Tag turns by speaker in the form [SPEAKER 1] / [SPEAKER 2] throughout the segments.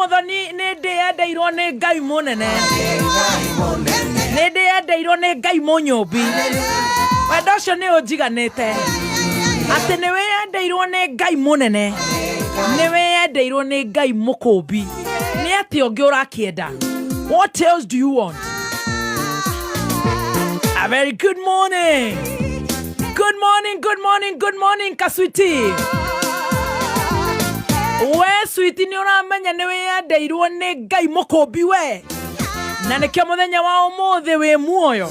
[SPEAKER 1] mothoni ni ndi yendeirwo ni ngai munene ni ndi ndä yendeirwo nä ngai munyumbi nyåmbi wendo å cio nä å njiganä te atä ngai munene ni nä ni ngai mukumbi ni ati ungi urakienda what else do you want a very good morning good morning good morning good morning kaswiti we switi nä å ramenya nä wä yendeirwo nä ngai må kåmbi we na nä kä o må thenya wa å må thä wä muoyo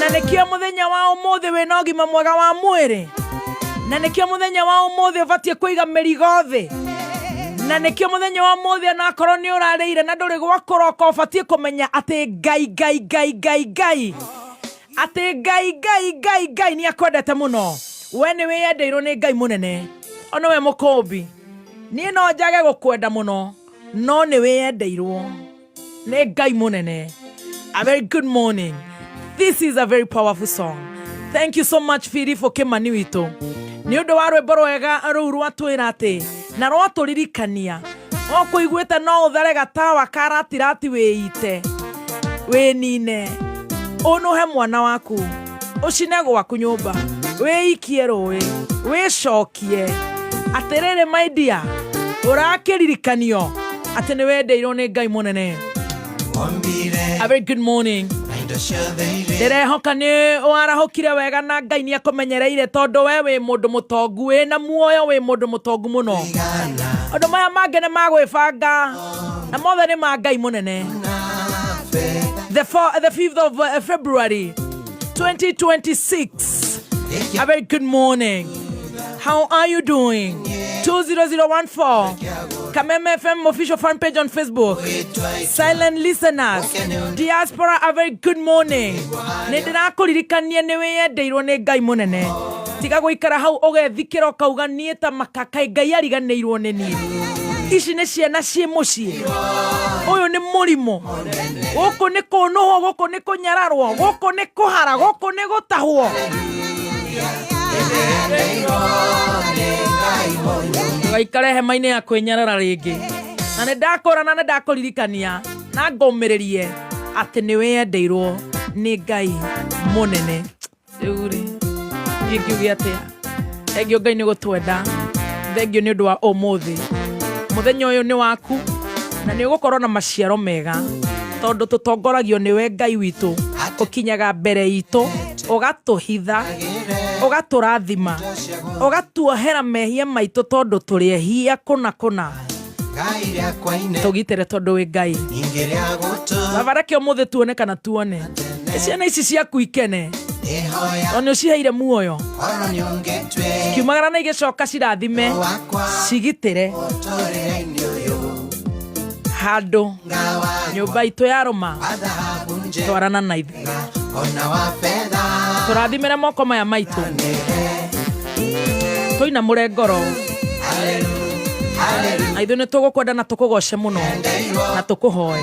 [SPEAKER 1] na nä kä o må thenya wa å må thä wä na å gima mwega wa mwä rä na nä kä o må thenya wa å må thä å batiä kå iga mä rigo thä na nä må thenya wa må thä ona akorwo nä å rarä ire na ndå rä gwakå roka å batiä kå menya atä ngai ngai ngai ngai ngai atä ngai ngai ngai ngai nä akwendete må no we nä wä yendeirwo nä ngai må nene ona we må kåmbi niä no njage gå kwenda må no no nä wä endeirwo nä ngai må nene a very good morning this is a very powerful song thank you so much filipo kä mani witå nä å ndå wa rwä mbo rwega rå u rwatwä ra atä na rwatå ririkania kå iguä te no å tharega tawa karatirati wä ite wä nine å nå he mwana waku å cine gwaku nyå mba wä ikie rå ä wä cokie atärä rä maidia urakiririkanio atĩ nĩ wendeirwo nĩ ngai mũnene A very good morning ndĩrehoka wega na ngai nĩ akũmenyereire tondũ we ndå må tongu wä na muoyo tongu må no å ndå maya nä magwä banga na mothe nä ma ngai må the, four, the of eh, February 2026 A very good morning How are you doing? 20014 Kameme FM official fan page on Facebook. Silent listeners, diaspora a very good morning. Nä ndä rakåririkania nä wä yendeirwo nä ngai må nene tiga gå ikara hau å gethikä ra å ta makakaä ngai ariganä irwo nä niä ici nä ciana ciä må ciä å yå nä må rimå gå kå nä kå nåhwo gå kå nä kå nyararwo gå kå nä kå hara gå kå nä gå tahwo waikare hema-inĩ ya kwĩnyarara rĩngĩ na nĩ ndakũra na nĩ ndakũririkania na ngomĩrĩrie atĩ nĩ wĩyendeirwo ni ngai mũnene rĩu rĩ niĩ ngiuge ngai ni gutwenda thengiũ nĩ ũndũ wa ũmũthĩ mũthenya ũyũ nĩ waku na ni ũgũkorwo na maciaro mega tondũ tũtongoragio we ngai witu ũkinyaga mbere itũ ũgatũhitha ũgatũrathima ũgatuohera mehia maitũ tondũ tũrĩ ehia kũna kũna tũgitĩre tondũ wĩ ngai baba reke ũmũthĩ tuone kana tuone ciana ici ciaku ikene o å ciheire muoyo kiumagara na coka cirathime re handå nyå mba itå yarå ma twarana na tå rathimä re moko maya maitå tå ina må ngoro na ithuä nä tå gå kwenda na tå kå goce må no na tå kå hoe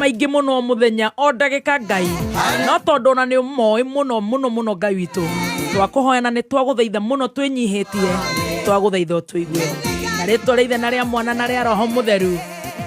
[SPEAKER 1] maingä må no må thenya o ndagä ka ngai no tondå ona nä moä må no må no må no ngai witå twakå hoyana na nä twagå thaitha må no twä nyihä tie twagå thaitha å tå igue na rä twa rä ithe na rä a mwana na rä a roho må theru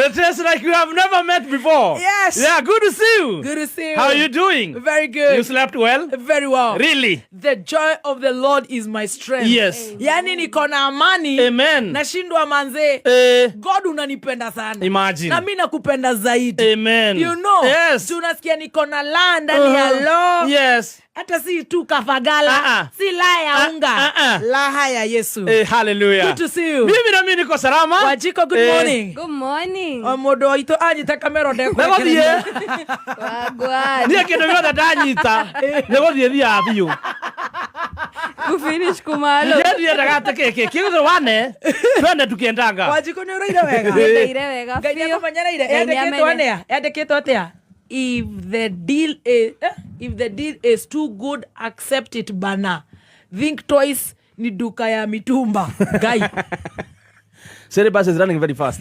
[SPEAKER 2] a taste like you have never met before. Yes. Yeah, good to see you. Good to see you. How are you doing? Very good. You slept well?
[SPEAKER 1] Very well. Really? The joy of the Lord is my strength. Yes. Yani niko na amani. Amen. Nashindwa manze. Eh. God unanipenda sana. Imagine. Na mimi nakupenda zaidi. Amen. You know. Yes. Tunasikia niko na land ndani uh ya law. Yes hata si tu kafagala uh -uh. si laha ya ah, unga uh -uh. laha ya Yesu
[SPEAKER 2] hey, Good to see you. Mimi na mimi niko salama.
[SPEAKER 1] Wajiko, good hey. Eh. morning.
[SPEAKER 3] Good morning.
[SPEAKER 1] Omodo ito anyite kamero de
[SPEAKER 2] kwa. thia biu.
[SPEAKER 3] Kufinish kumalo.
[SPEAKER 2] Ndiye ndagate kiki. Kigo wane. Twende tukiendaga.
[SPEAKER 1] Wajiko ni uraire wega. Uraire wega. Ngai atia. If the deal is eh, eh? if the deal is too good accept it bana think twice ni duka ya mitumba guy mm.
[SPEAKER 2] City bus is running very fast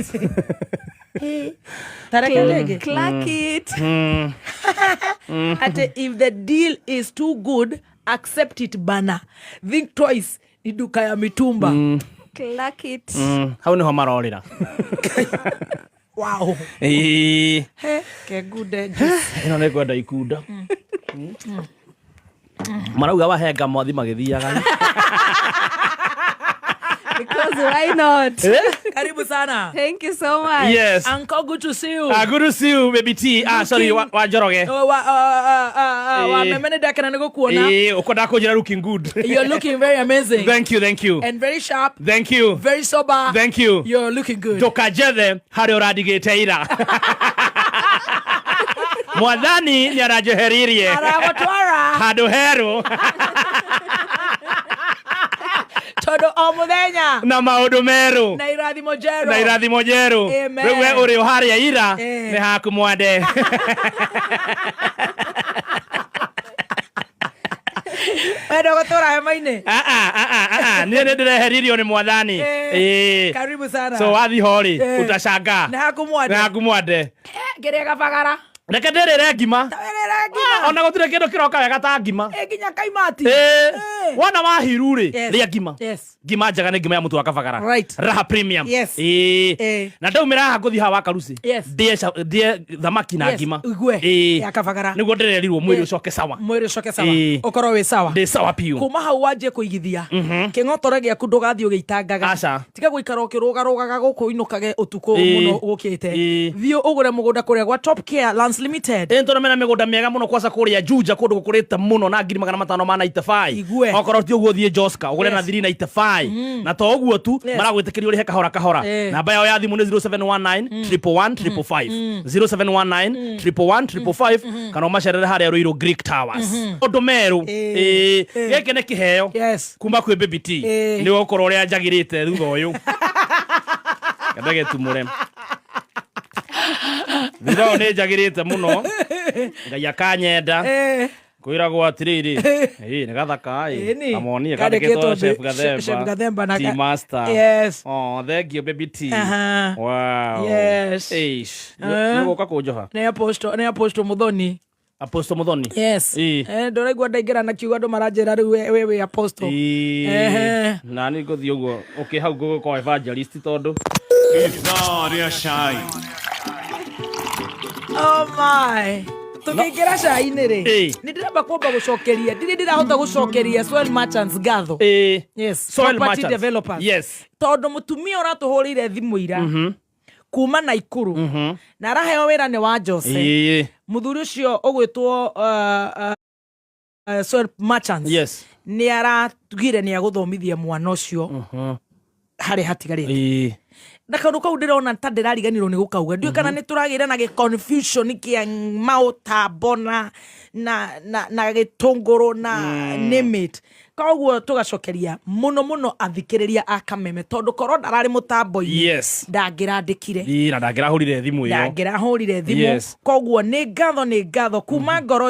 [SPEAKER 1] if the deal is too good accept it bana think twice ni duka ya mitumba
[SPEAKER 3] clack it mm.
[SPEAKER 2] hau niho marorira wow. ä
[SPEAKER 3] ä
[SPEAKER 2] no kwenda ikunda mm. Mm. marauga wahenga mwathi magä thiaga
[SPEAKER 3] Because why not? Eh?
[SPEAKER 1] Karibu sana.
[SPEAKER 3] Thank you so much.
[SPEAKER 2] Yes.
[SPEAKER 1] Uncle, good to see you.
[SPEAKER 2] uh, good to see you, baby T. Ah, sorry, wa, wa Njoroge.
[SPEAKER 1] Oh, wa, uh, uh, uh, uh, wa memene dake na niko kuona.
[SPEAKER 2] Eh, uko dako jina looking good.
[SPEAKER 1] You're looking very amazing.
[SPEAKER 2] Thank you, thank you.
[SPEAKER 1] And very sharp. Thank you. Very sober. Thank you. You're looking good.
[SPEAKER 2] Ndokajethe harä å randigä ira mwathani nä aranjoheririe handå herå
[SPEAKER 1] tondå o må thenya
[SPEAKER 2] na maå ndå merå
[SPEAKER 1] na irathimo njerå
[SPEAKER 2] na irathimo we å rä å harä a ira eh. nä haku mwande
[SPEAKER 1] wenda gå tå ra hema-inä
[SPEAKER 2] ah, ah, ah, niä nä ndä reheririo nä mwathani eh,
[SPEAKER 1] karibu sana
[SPEAKER 2] so wathi horä å eh. tacanga nä haku mwande
[SPEAKER 1] ngä rä gabagara
[SPEAKER 2] reke re ngima
[SPEAKER 1] ah,
[SPEAKER 2] ona gũtirĩ kĩndũ kĩroka wega ta ngima
[SPEAKER 1] nginya kaimati
[SPEAKER 2] wona wahiru rĩ rĩa ngima ngima njega nĩ ngima ya mũtu wa kabagara raha premium na ndaumĩra haha ngũthi haha wa karuci ndĩe thamaki na ngima nĩguo ndĩrerirwo mwĩrĩ ũcoke sawa
[SPEAKER 1] mwĩrĩ ũcoke sawa ũkorwo wĩ sawa
[SPEAKER 2] ndĩ sawa piũ
[SPEAKER 1] kuma hau wanjie kũigithia mhm. kĩng'otore gĩaku ndũgathiĩ ũgĩitangaga tiga gũikara ũkĩrũgarũgaga gũkũ inũkage ũtukũ mũno gũkĩte thiĩ ũgũre mũgũnda kũrĩa gwa top care lands Farmers Limited
[SPEAKER 2] ĩntona mena mĩgũnda mĩega mũno kwaca kũrĩa Juja kũndũ gũkũrĩte mũno na ngiri magana matano ma 95 okorwo ti ũguo thiĩ Joska ũgũre na 395 mm. na to ũguo tu maragwĩtĩkĩria ũrĩhe kahora kahora namba yao ya thimũ nĩ 0719 0719 mm. mm. mm-hmm. kana ũmacerere harĩa Ruiru Greek Towers mm-hmm. ũndũ merũ gĩkĩ nĩ kĩheo kuma kwĩ BBT nĩ ũgũkorwo ũrĩa njagĩrĩte thutha ũyũ ndagetumure thirao nä njagärä må no ngai akanyenda kwä ragwo ii nä gathakai amonie kandikitwo chef na tea yes oh baby wow yes ka kå njoha
[SPEAKER 1] nä apostle nä apostle muthoni yes eh, ndå raigua ndaingä na kiuga andå maranjä ra rä u wä wä
[SPEAKER 2] na nä ngå thiä å guo å kä hau ngå gå korwo evangelist tondå ithaa rä
[SPEAKER 1] cainä rä nä ndä gå cokeria ndä rahota gå cokeria tondå må tumia å ratå hå rä ire thimå ira mm-hmm. kuma na ikuru mm-hmm. na araheo wä ra nä wa jose må thuri å cio å gwä two nä aratugire nä agå thomithia mwana å cio mm-hmm. harä hatigarä te na kandu kau rona ta nä gå kauga ndiu kana mhm. ragä ra na gi confusion kia mautambo na na na na mm. koguo na name it no må no athikä rä ria akameme tondå korwo ndarari mutambo-ini ndangirandikire
[SPEAKER 2] na ndangirahurire thimu
[SPEAKER 1] iyo ndangirahurire thimu koguo nä ngatho nä ngatho kuma mhm. ngoro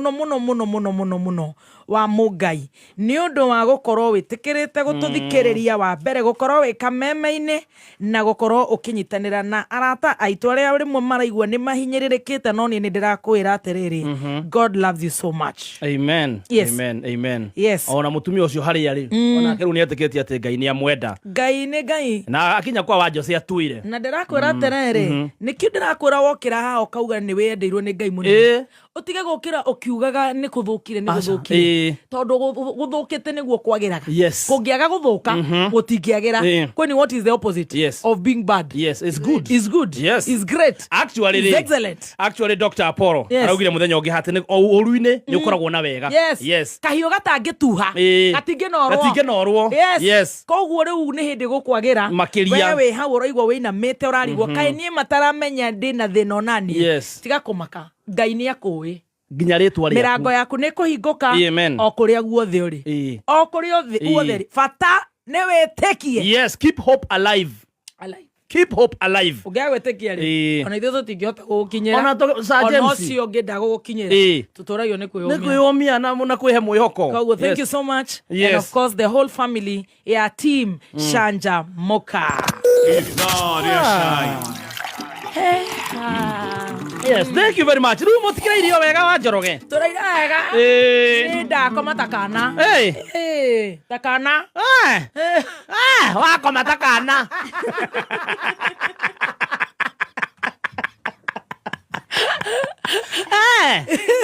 [SPEAKER 1] no må no muno no må no wa ngai nä å ndå wa gå korwo wä tä kä rä te gå tå thikä rä ria wa mbere gå korwo wä kameme-inä na gå korwo å kä nyitanä ra na arata aitå arä a rä mwe maraigua nä mahinyä rä rä kä te no niä nä ndä rakwä ra atä rä mhm. rä god loves you so much amen amen amen yes
[SPEAKER 2] ona må tumia å cio harä a rä mm. onake rä u nä etä kä tie atä ngai nä amwenda
[SPEAKER 1] ngai nä ngai
[SPEAKER 2] na akinya kwa wa jose atuä
[SPEAKER 1] na ndä rakwä ra mm. atä rä mhm. nä kä u ndä rakwä ra wokä ra haha å kauga nä wä endeirwo nä ngai må utige gukira ukiugaga ni kuthukire ni guthukire tondu guthukite niguo kwagiraga kungiaga guthuka gutingiagira kwani what is the opposite yes. of being bad
[SPEAKER 2] yes it's good it's good yes it's great actually
[SPEAKER 1] it's excellent
[SPEAKER 2] actually dr Aporo yes. araugire muthenya ungi hati uruini ni ukoragwo mm-hmm. na wega
[SPEAKER 1] yes, yes. kahiu gatangituha gatinge norwo
[SPEAKER 2] gatinge norwo
[SPEAKER 1] yes, yes. koguo riu ni hindi gukwagira
[SPEAKER 2] makiria
[SPEAKER 1] we hau uraigwa wina mete urarigwo mm-hmm. kai nie mataramenya ndina thina onani yes. tiga kumaka ngai ni akåä
[SPEAKER 2] nginya rätwa rä
[SPEAKER 1] mirango yaku nä kå hingå ka o kå rä a guothe å o kå rä a fata rä bata nä wä
[SPEAKER 2] yes keep hope alive, alive keep hope alive
[SPEAKER 1] ungia gwetikia ri ona ithu tutingihota gugukinyira
[SPEAKER 2] ona to sa James ona
[SPEAKER 1] cio ngenda gugukinyira tuturagio ni kwiyumia
[SPEAKER 2] ni kwiyumia na muna kwihe mwihoko
[SPEAKER 1] koguo thank you so much yes. and of course the whole family ya team mm. Shanja Moka it's not a ah.
[SPEAKER 2] shine hey, uh, Yes, thank you very much. Rĩu mũtikire irio wega wa Njoroge.
[SPEAKER 1] Tũraira wega. Ĩĩ. Ndakoma ta kana. Ĩĩ. Ĩĩ. Ta kana.
[SPEAKER 2] Ĩĩ. Ĩĩ, wakoma ta kana.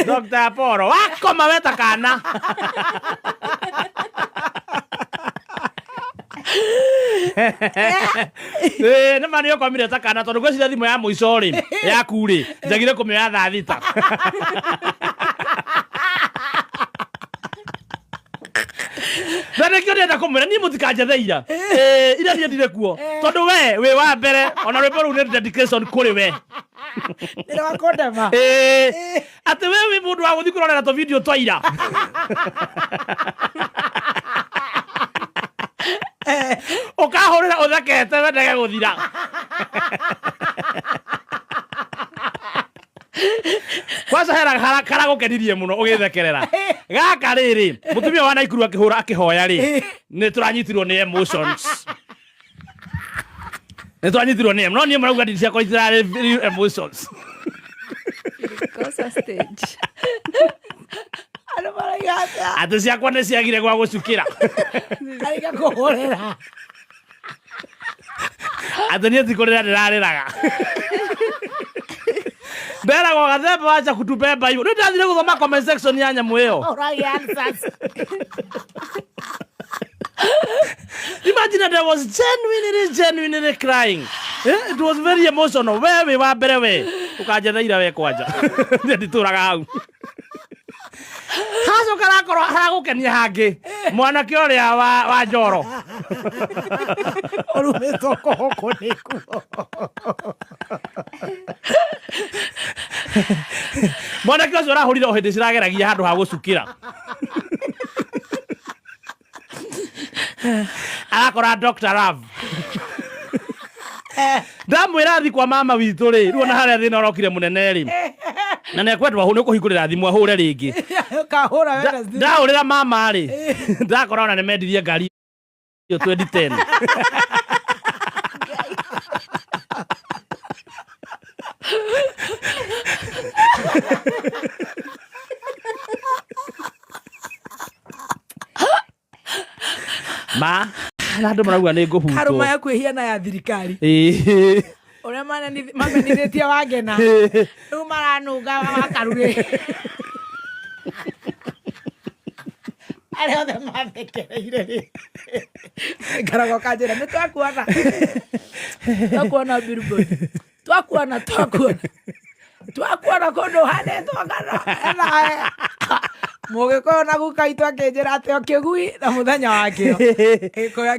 [SPEAKER 2] Dr. Apollo, wakoma we ta kana ä eh, nä ma nä okomire ta kana tondå gwäcira thimå ya må ico rä yaku rä njagire kå mä oya thaa na nä kä o ndä enda kå mwä ra niä må tikanjetheira eh. eh, ira ndire kuo tondå we wä wa mbere ona rwä mbo rä u nä dedication kå rä we atä we wä må ndå wa gå thiä kå rorera tå video twaira ukahurira uthekete wendege guthira kwanza hera kara gukenirie muno ugithekerera gaka riri mutumia wa naikuru akihura akihoya ri ni turanyitirwo ni emotions ni twanyitirwo ni no nie marauga ndini ciakwa itirarä emotions andu ciakwa nä ciagire gwa gũcukĩra
[SPEAKER 1] ariga kũhũrĩra
[SPEAKER 2] atĩ niĩ tikũrĩra ndĩrarĩraga mberagwo gathemba wacha kutubemba rä ndathire gå thoma comment section ya nyamå ä yo imagine there was genuinely genuinely crying eh? it was very emotional we wa mbere we å kanjetheira we kwanja nditå raga hau hacoka rakorwo haragukenia hangi mwanake å rä a wa njoro
[SPEAKER 1] å rumä two kohoko niku kuo
[SPEAKER 2] mwanake å cio å rahå rire o hä ndä cirageragia handå ha gå cukä ra arakora dr love ndamwä ra kwa mama witå rä ru ona harä a thä na ri må nene na nä ekwendwa hå nä å kå hingå rä ra wera ahå re rä rä ra mama rä ndakora ona nä mendirie ngari yo 2010 ma andå maragua nä ngå
[SPEAKER 1] hutkarå ya kwä hia na ya thirikari å rä a mamenithä tie wangena rä u maranunga wakarugä arä othe mathekereire rä ngarago kanjä ra nä twakuona twakuona twakuona twakuona twakuona kå ndå handä two kana mugikorwo na guka itu akinjira ati o kiugui na muthenya wakio gikuya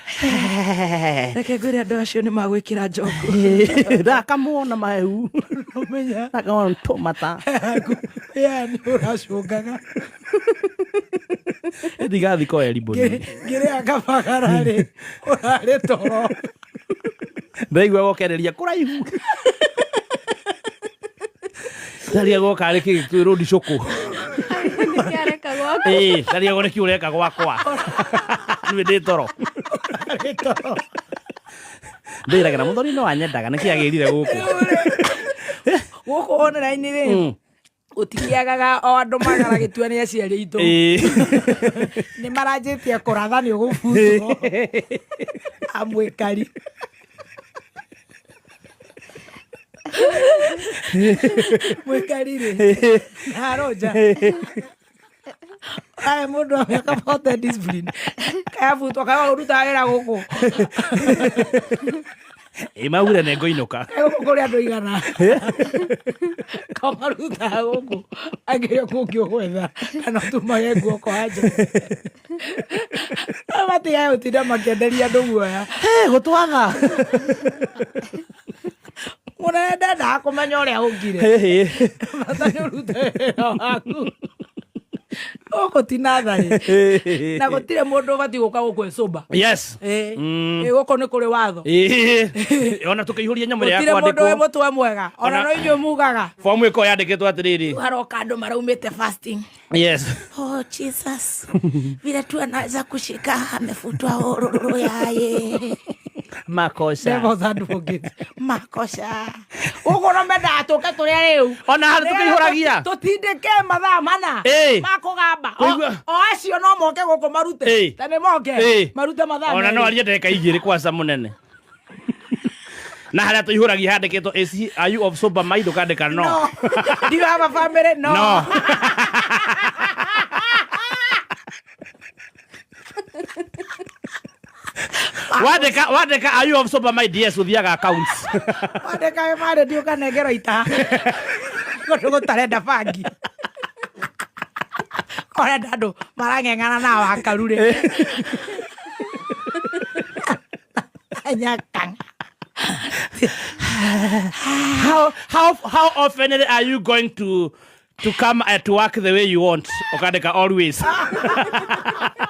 [SPEAKER 1] reke ngwire andå acio nä magwä kä ra njoku
[SPEAKER 2] ndakamwona mahehu menya ndakamwonatå mata
[SPEAKER 1] nä å racångaga
[SPEAKER 2] ndigathi koeribå
[SPEAKER 1] ngä rä akabagara rä å rarä toro
[SPEAKER 2] ndaigua gokereria kå raihu thariagwo karä kä gä rå ndicå kå thariagwo nä kä kira reka gwakwa nä de toro ndä ragä ra må thori no wanyendaga nä kä di rire gå kå
[SPEAKER 1] gå kå onerainä rä hmm. gutigiagaga o andu magara gitua ni aciari itu ni maranjitie kuratha ni ugubutwo amwikari mwikarire aroja aya må ndå amekabote kayabutwa kaya rutaga wä ra gå kå
[SPEAKER 2] ä maura nä ngå inå ka
[SPEAKER 1] kå rä andå igana kamarutaga gå kå angä rä kå ngä å gwetha kana tumage nguoko anja matigaä tinda makä enderia andå guoya gå twaga må nene ndendaga kå menya å rä a å ngire bata nä å gå tinatharä na gå tirä må ndå batiä gå ka gå kwä cå gå kå nä kå rä watho
[SPEAKER 2] ona tå kä ihå ria nyamå
[SPEAKER 1] rä yatirä må ndå wä må twe mwega ona no inyuä mugaga
[SPEAKER 2] fomu ä ko yandä kä two atä rä
[SPEAKER 1] rä haroka andå maraumä te oh, vile tu anaweza kushika amefutwa hururu yaye
[SPEAKER 2] makosa
[SPEAKER 1] devil's advocate makosa ugo no menda tuke turi ari u
[SPEAKER 2] ona haru tukihuragia
[SPEAKER 1] tutindike mathaa mana makugamba o acio no moke guku marute ta ni moke marute mathaa
[SPEAKER 2] ona no arie ndeka igiri kwaca munene na harä a tå ihå ragia handä kä two ndå kandä ka no, no.
[SPEAKER 1] Do you have a family?
[SPEAKER 2] no. no. wandä wandä ka ayå of sober my ds å accounts
[SPEAKER 1] wandä ka marä ndi å kanengerwo itaha gå bangi korenda andå marang'eng'ana na wakaru rä nyakanga
[SPEAKER 2] how how how often are you going to to come uh, to work the way you want okadeka always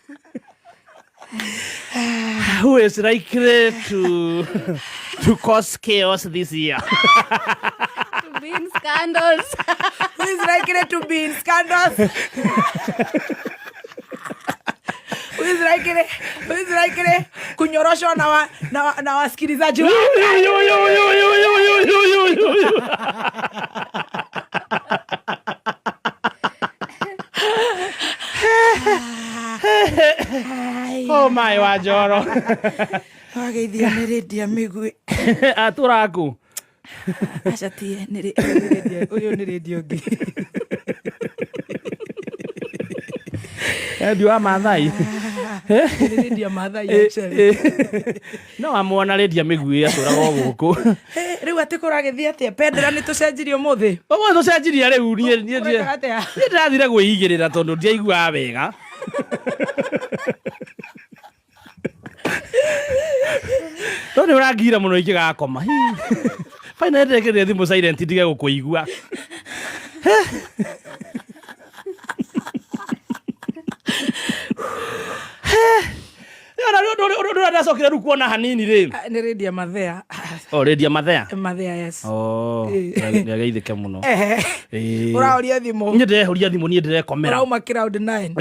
[SPEAKER 2] who is likely to to cause chaos this year? to
[SPEAKER 3] be in scandals.
[SPEAKER 1] who is likely to be in scandals? kunyoroshwa na, wa, na, wa, na wasikilizaji
[SPEAKER 2] oh my wa njoro
[SPEAKER 1] wageithia nä rä ndia mä guä
[SPEAKER 2] atå ah, raku
[SPEAKER 1] acatie å yå nä rä ndia ngä
[SPEAKER 2] endio eh, wa mathai
[SPEAKER 1] ah, rĩndia mathai eh, eh.
[SPEAKER 2] no amwona rĩndia mĩguĩ atũraga o gũkũ
[SPEAKER 1] rĩu atä kå ragĩthiĩ atĩa pendera nĩ tå cenjirie må thĩ
[SPEAKER 2] ũmwe tå cenjirie rĩu niĩ ndĩrathire gwĩigĩrĩra tondũ ndiaiguaga wega to nä å rangiira må no ingä gakoma baina ndeke rä thimå silent ndige gå kå igua ndacokire rä u kuona hanini rä
[SPEAKER 1] nä rä ndia mathea
[SPEAKER 2] rendia eh. ke må gaithike muno
[SPEAKER 1] urahoria thimu
[SPEAKER 2] nie ndirehoria thimu nie ndirekomera
[SPEAKER 1] rauma crowd 9 mm.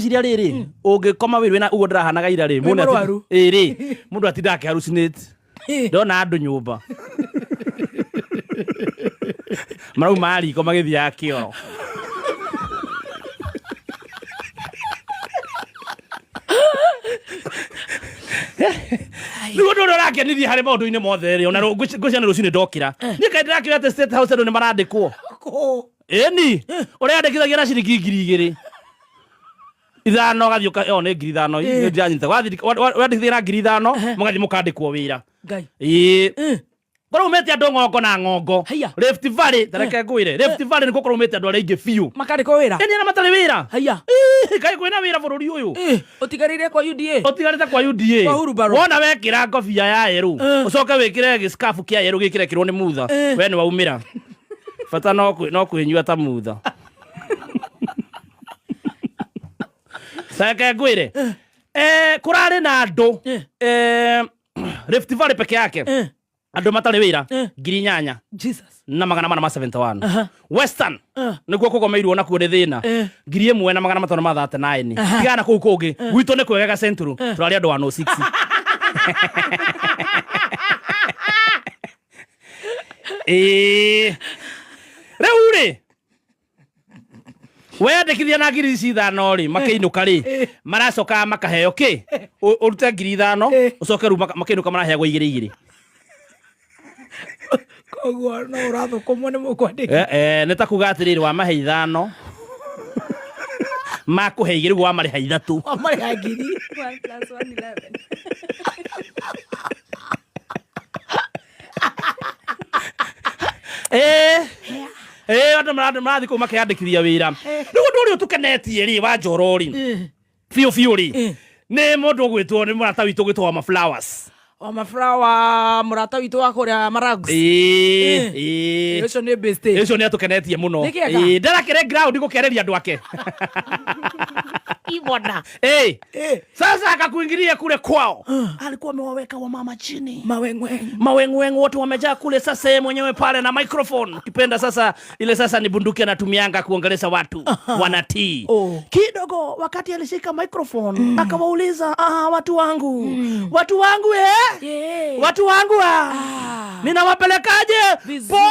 [SPEAKER 2] ciria rä rä mm. å ngä koma ungikoma wiri wina uguo ndirahanaga ira ri må ndå atinda akiharucinate ndona andå nyå mba andu nyumba marauma riko magithiaga kioro rä ndono rake nithie harä maå ndå-inä mothe rä ona ngwä ciana rå cinä ndokä ra eh. niä kaä rakä rä andå nä marandä kwo ni å rä andä kithagia na ciringi ngiri igä rä ithano nä ngiri ithano eh. ndä na ngiri ithano eh. må gathiä må kandä kwo wä ra kora umete andu ngongo na ngongo Rift Valley eh. tareke ngwire Rift eh. Valley niko kora umete andu araingi biu
[SPEAKER 1] makari ko wira
[SPEAKER 2] yani matari wira haya kai kwina wira bururi uyu
[SPEAKER 1] utigarire kwa UDA
[SPEAKER 2] utigarite kwa UDA kwa huru baro wona wekira ngobia ya yeru ucoke eh. wikire giscafu kia yeru gikire kirwo ni mutha we ni waumira bata no kwinyua ta mutha tareke ngwire kurarä na andå Rift Valley peke yake andå matarä wä ra eh. ngiri nyanya na magana mana ma western eh. nä guo kå gomeirwo nakuo nä thä na eh. ngiri ä mwe na magana matano ma 39 tigana kå u kå ngä gwitå nä kwegega centro tå rarä andå wa no 6 rä u rä weyandäkithia na ngiri ici ithano rä makä inå ka rä maracokaga makaheo kä å rute ngiri ithano å coke rä u makä inå ka maraheagwo igä rä igä rä guo no urathukumwo ni mukwandiki eh, eh, ni ta kuga atiriri wa mahe ithano makuhe igä rä guo wamarä ha ithatå ha ngiri eh, andå marathiä kå makeandä kithia wä ra rä u ndå å rä å tå kenetie rä wa njorori biå biå rä nä må ndå å gwä two nä må rata witå gwä two wa mabura wa murata witu wa kuria maragu ii ucio ni ucio ni atukenetie muno ndarakire ground kereria andå ake haki bwana. Hey, hey. Eh. Sasa akakuingilia kule kwao uh, alikuwa amewaweka wa mama chini mawengweng mawengwengu wote wamejaa kule. Sasa yeye mwenyewe pale na microphone kipenda sasa ile sasa ni bunduki anatumianga kuongelesha watu uh ah. -huh. wanatii oh. Kidogo wakati alishika microphone mm. akawauliza ah, watu wangu mm. watu wangu eh? yeah. watu wangu ah. ah. ninawapelekaje? Poa,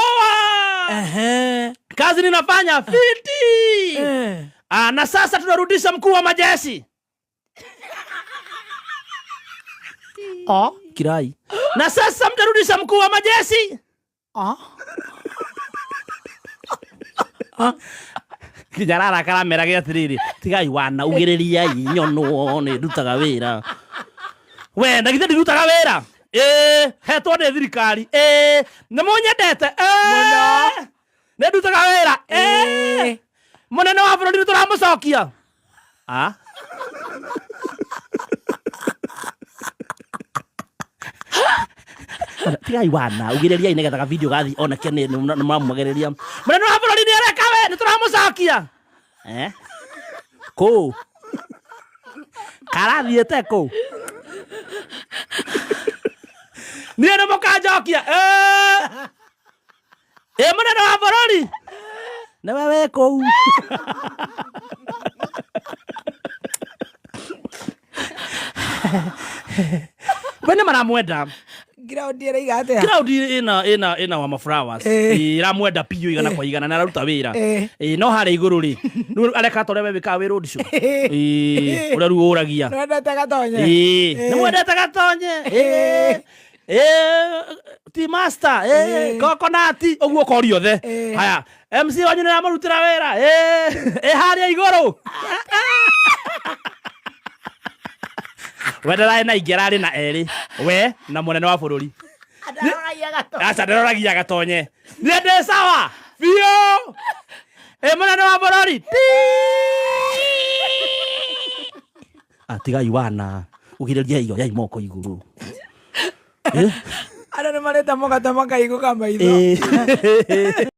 [SPEAKER 2] uh -huh. kazi ninafanya fiti uh eh. -huh. Aa, ah, na sasa tunarudisha mkuu wa majeshi ah? ah, kirai. Na sasa mtarudisha mkuu wa majeshi ah. ah. kinyarara karamera gä atirä tigai wana ugä rä ria inyono nä ndutaga wä we na ndä ndutaga wä ra hetwo nä thirikari nä må nyendete nä ndutaga wä eh. Mana nak apa nanti tu lama sakit ya? Ah? Tiga iwan lah. Ugi dia ini kata kata video kali. Oh nak kena ni nak nama mama kena dia. Mana nak apa nanti dia nak kawe? Nanti lama sakit ya? Eh? Ko? Kalah dia tak ko? Ni ada muka jauh kia. Eh? Eh mana nak apa nanti? na wewe kou we nä maramwenda graundi ina ina ina wa maflowers iramwenda igana kwa eh. igana nä araruta wä wira eh. no harä igå rå rä areka å rä a we wä kaga wä ndicu å rä eh. a rä u å ragia nä mwendete gatonye Eh, ti master kokonati eh, eh. guo ko riothe haya MC wanyu nä ramå rutä ra wä ra ä harä a igå we ndararä na ingä rarä na erä we na må nene wa bå rå ri aca ndaroragia gatonye nä ndä sawa biå ä må nene wa bå rå ri atigai ah, wana å girä ria iyo yai moko igå rå arä nä maretha må